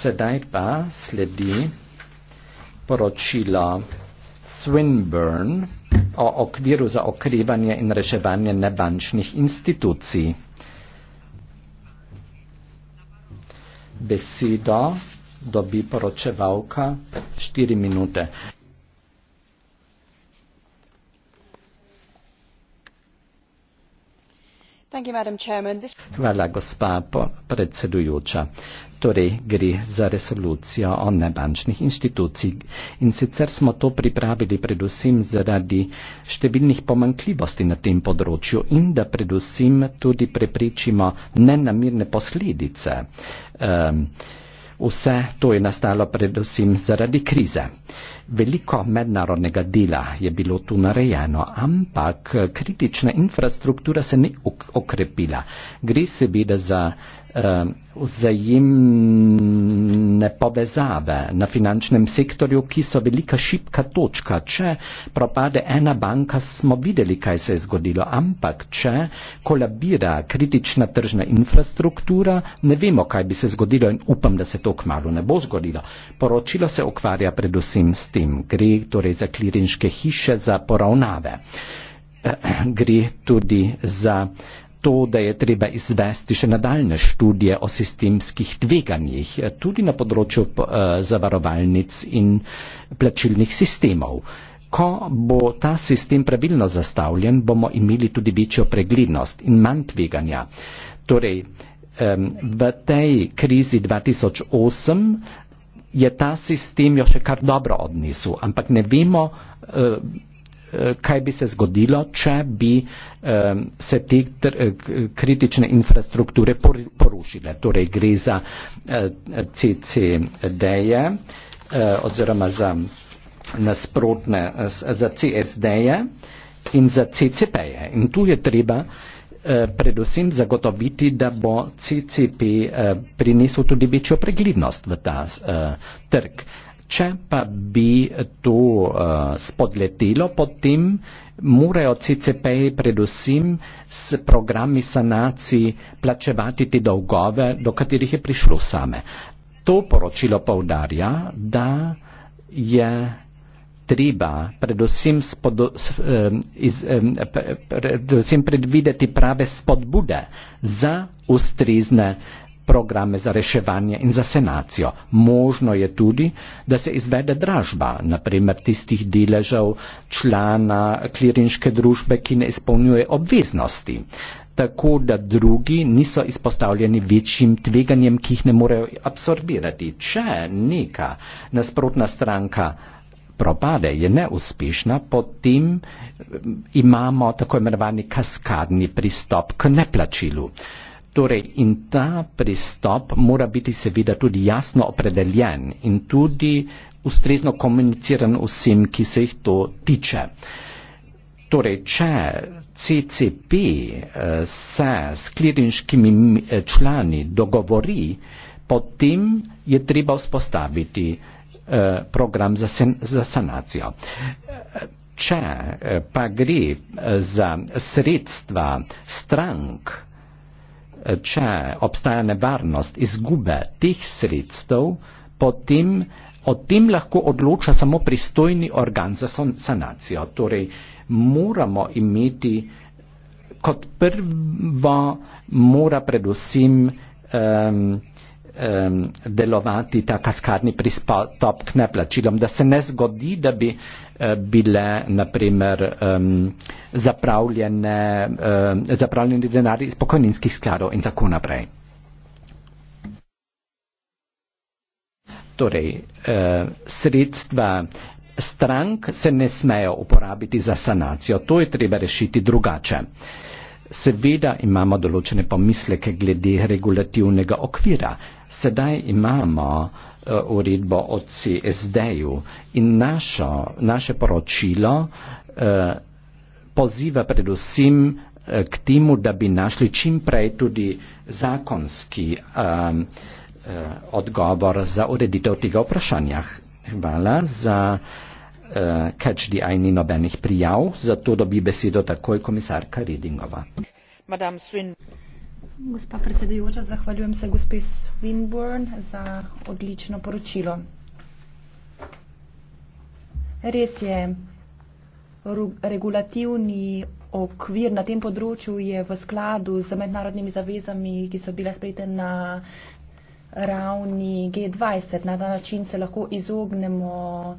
Sedaj pa sledi poročilo Swinburne o okviru za okrevanje in reševanje nebančnih institucij. Besedo dobi poročevalka 4 minute. Hvala, gospa predsedujoča. Torej gre za resolucijo o nebančnih inštitucij. In sicer smo to pripravili predvsem zaradi številnih pomankljivosti na tem področju in da predvsem tudi preprečimo nenamirne posledice. Um, Vse to je nastalo predvsem zaradi krize. Veliko mednarodnega dela je bilo tu narejeno, ampak kritična infrastruktura se ni okrepila. Gre seveda za uh, vzajemno digitalne povezave na finančnem sektorju, ki so velika šipka točka. Če propade ena banka, smo videli, kaj se je zgodilo, ampak če kolabira kritična tržna infrastruktura, ne vemo, kaj bi se zgodilo in upam, da se to kmalo ne bo zgodilo. Poročilo se ukvarja predvsem s tem, gre torej za klirinške hiše, za poravnave. Eh, eh, gre tudi za to, da je treba izvesti še nadaljne študije o sistemskih tveganjih, tudi na področju eh, zavarovalnic in plačilnih sistemov. Ko bo ta sistem pravilno zastavljen, bomo imeli tudi večjo preglednost in manj tveganja. Torej, v tej krizi 2008 je ta sistem jo še kar dobro odnesel, ampak ne vemo, eh, Eh, kaj bi se zgodilo, če bi eh, se te eh, kritične infrastrukture porušile. Torej gre za CCD-je oziroma za nasprotne, za CSD-je in za CCP-je. In tu je treba predvsem zagotoviti, da bo CCP prinesel tudi večjo preglednost v ta trg. Če pa bi to uh, spodletelo, potem morajo CCP-ji predvsem s programi sanacij plačevati te dolgove, do katerih je prišlo same. To poročilo povdarja, da je treba predvsem, spodo, iz, predvsem predvideti prave spodbude za ustrezne uh, programe za reševanje in za senacijo. Možno je tudi, da se izvede dražba, naprimer tistih deležev člana klirinške družbe, ki ne izpolnjuje obveznosti, tako da drugi niso izpostavljeni večjim tveganjem, ki jih ne morejo absorbirati. Če neka nasprotna stranka propade, je neuspešna, potem eh, imamo tako imenovani kaskadni pristop k neplačilu. Torej, in ta pristop mora biti seveda tudi jasno opredeljen in tudi ustrezno komuniciran vsem, ki se jih to tiče. Torej, če CCP eh, se s klirinškimi eh, člani dogovori, potem je treba vzpostaviti eh, program za, sen, za sanacijo. Če pa gre za sredstva strank, če obstaja nevarnost izgube teh sredstev, potem o tem lahko odloča samo pristojni organ za sanacijo. Torej, moramo imeti kot prvo, mora predvsem um, delovati ta kaskadni pristop k neplačilom, da se ne zgodi, da bi eh, bile naprimer zapravljene, zapravljeni denari iz pokojninskih skladov in tako naprej. Torej, eh, sredstva strank se ne smejo uporabiti za sanacijo, to je treba rešiti drugače. Seveda imamo določene pomisleke glede regulativnega okvira. Sedaj imamo uh, uredbo o CSD-ju in našo, naše poročilo uh, poziva predvsem eh, k temu, da bi našli čim prej tudi zakonski um, uh, odgovor za ureditev tega vprašanja. Hvala za uh, uh, Catch the Eye ni nobenih prijav, zato dobi besedo takoj komisarka Redingova. Gospa predsedujoča, zahvaljujem se gospe Swinburne za odlično poročilo. Res je, regulativni okvir na tem področju je v skladu z mednarodnimi zavezami, ki so bile sprejete na ravni G20. Na ta način se lahko izognemo uh,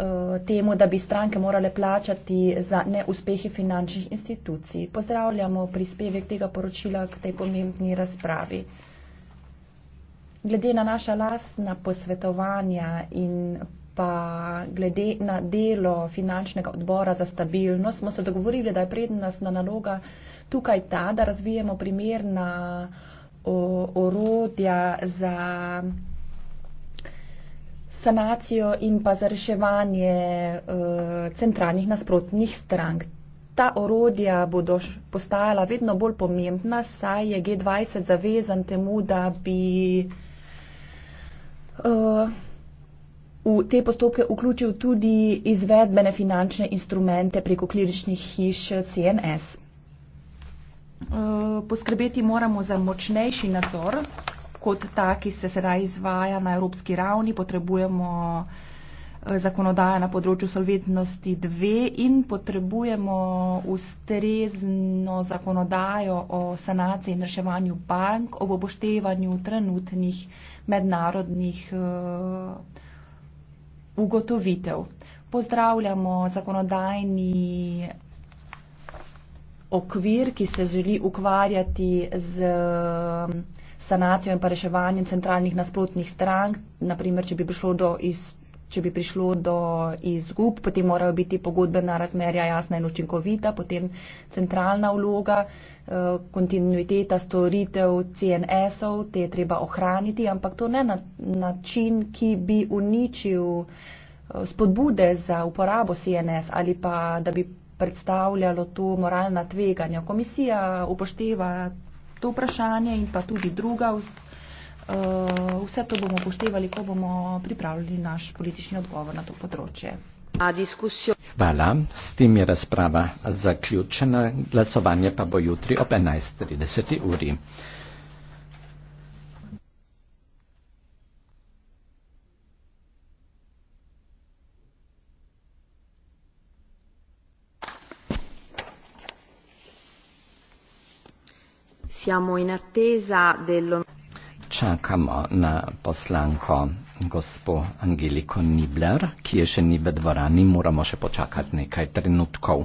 Eh, temu, da bi stranke morale plačati za neuspehe finančnih institucij. Pozdravljamo prispevek tega poročila k tej pomembni razpravi. Glede na naša lastna posvetovanja in pa glede na delo finančnega odbora za stabilnost, smo se dogovorili, da je prednostna naloga tukaj ta, da razvijemo primerna orodja za sanacijo in pa za reševanje uh, centralnih nasprotnih strank. Ta orodja bodo postajala vedno bolj pomembna, saj je G20 zavezan temu, da bi uh, v te postopke vključil tudi izvedbene finančne instrumente preko kliničnih hiš CNS. Uh, eh, poskrbeti moramo za močnejši nadzor kot ta, ki se sedaj izvaja na evropski ravni, potrebujemo eh, zakonodaja na področju solventnosti 2 in potrebujemo ustrezno zakonodajo o sanaciji in reševanju bank ob oboštevanju trenutnih mednarodnih uh, ugotovitev. Pozdravljamo zakonodajni okvir, ki se želi ukvarjati z uh, sanacijo in pa reševanjem centralnih nasprotnih strank, naprimer, če bi prišlo do iz. Če bi prišlo do izgub, potem morajo biti pogodbena razmerja jasna in učinkovita, potem centralna vloga, eh, kontinuiteta storitev CNS-ov, te je treba ohraniti, ampak to ne na način, ki bi uničil eh, spodbude za uporabo CNS ali pa da bi predstavljalo to moralna tveganja. Komisija upošteva to vprašanje in pa tudi druga. Vs, eh, vse to bomo poštevali, ko bomo pripravljali naš politični odgovor na to področje. Hvala, s tem je razprava zaključena, glasovanje pa bo jutri ob 11.30 uri. Siamo in attesa dello... Čakamo na poslanko gospo Angeliko Nibler, ki je še ni v dvorani, moramo še počakati nekaj trenutkov.